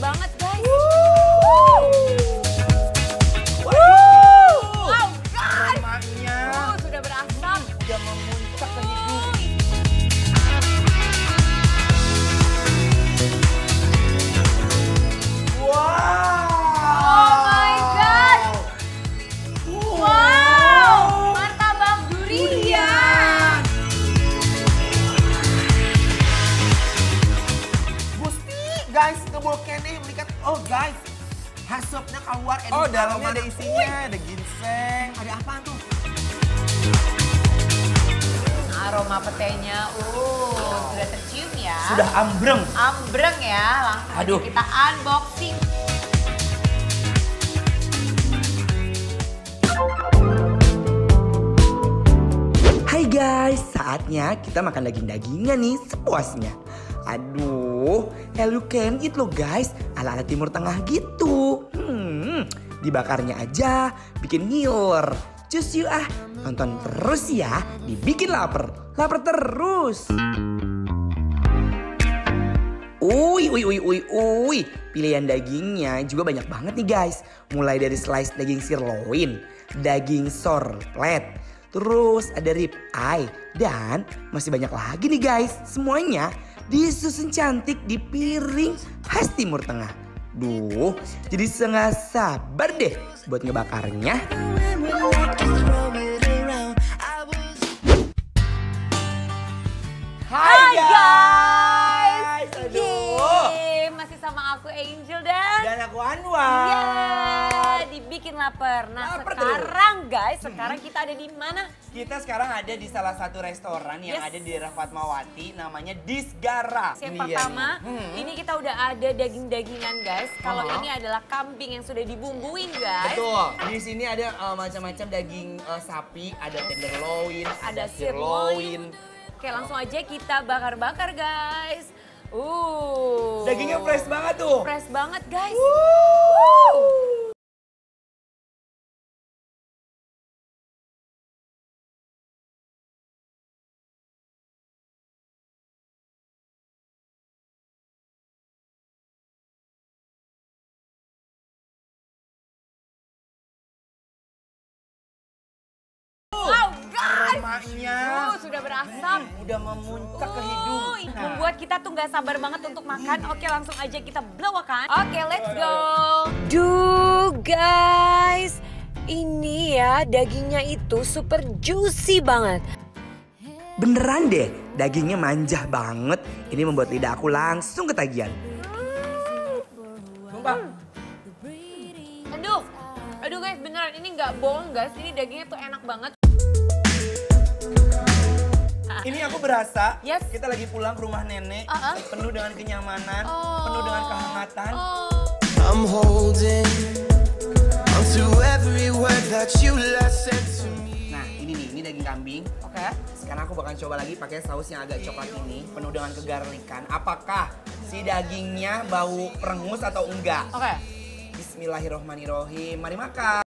banget guys. guys, ke kene melihat. Oh guys, hasupnya keluar. Eh, oh dalamnya ada isinya, ada ginseng. Ada apa tuh? aroma petenya, uh sudah tercium ya sudah ambreng ambreng ya langsung Aduh. kita unboxing saatnya kita makan daging-dagingnya nih sepuasnya. Aduh, hell you can eat loh guys, ala-ala timur tengah gitu. Hmm, dibakarnya aja, bikin ngiler. Cus yuk ah, nonton terus ya, dibikin lapar. Lapar terus. Ui, ui, ui, ui, ui. Pilihan dagingnya juga banyak banget nih guys. Mulai dari slice daging sirloin, daging sorlet, Terus ada rib eye dan masih banyak lagi nih guys. Semuanya disusun cantik di piring khas Timur Tengah. Duh, jadi setengah sabar deh buat ngebakarnya. Hai guys, Aduh. masih sama aku Angel dan dan aku Anwar. Yeah bikin lapar. Nah lapar sekarang tuh. guys, sekarang kita ada di mana? Kita sekarang ada di salah satu restoran yang yes. ada di daerah Fatmawati, namanya Disgara. Yang ini pertama, ya hmm. ini kita udah ada daging-dagingan guys. Kalau uh -huh. ini adalah kambing yang sudah dibumbuin guys. Betul. Di sini ada uh, macam-macam daging uh, sapi, ada tenderloin, ada, ada sirloin. Oke langsung aja kita bakar-bakar guys. Uh. Dagingnya fresh banget tuh. Fresh banget guys. Uh. Uh. aromanya. Uh, oh, sudah berasap. Hmm, udah memuncak uh, ke oh, hidung. Nah. Membuat kita tuh nggak sabar banget untuk makan. Oke, langsung aja kita blowakan. Oke, let's go. Duh, guys. Ini ya dagingnya itu super juicy banget. Beneran deh, dagingnya manja banget. Ini membuat lidah aku langsung ketagihan. Sumpah. Aduh, aduh guys beneran ini nggak bohong guys. Ini dagingnya tuh enak banget ini aku berasa yes. kita lagi pulang ke rumah nenek uh -uh. penuh dengan kenyamanan, oh. penuh dengan kehangatan. Oh. I'm holding on every word that you said to Nah, ini nih, ini daging kambing. Oke. Okay. Sekarang aku bakal coba lagi pakai saus yang agak coklat ini, penuh dengan kegarlikan. Apakah si dagingnya bau perengus atau enggak? Oke. Okay. Bismillahirrohmanirrohim. Mari makan.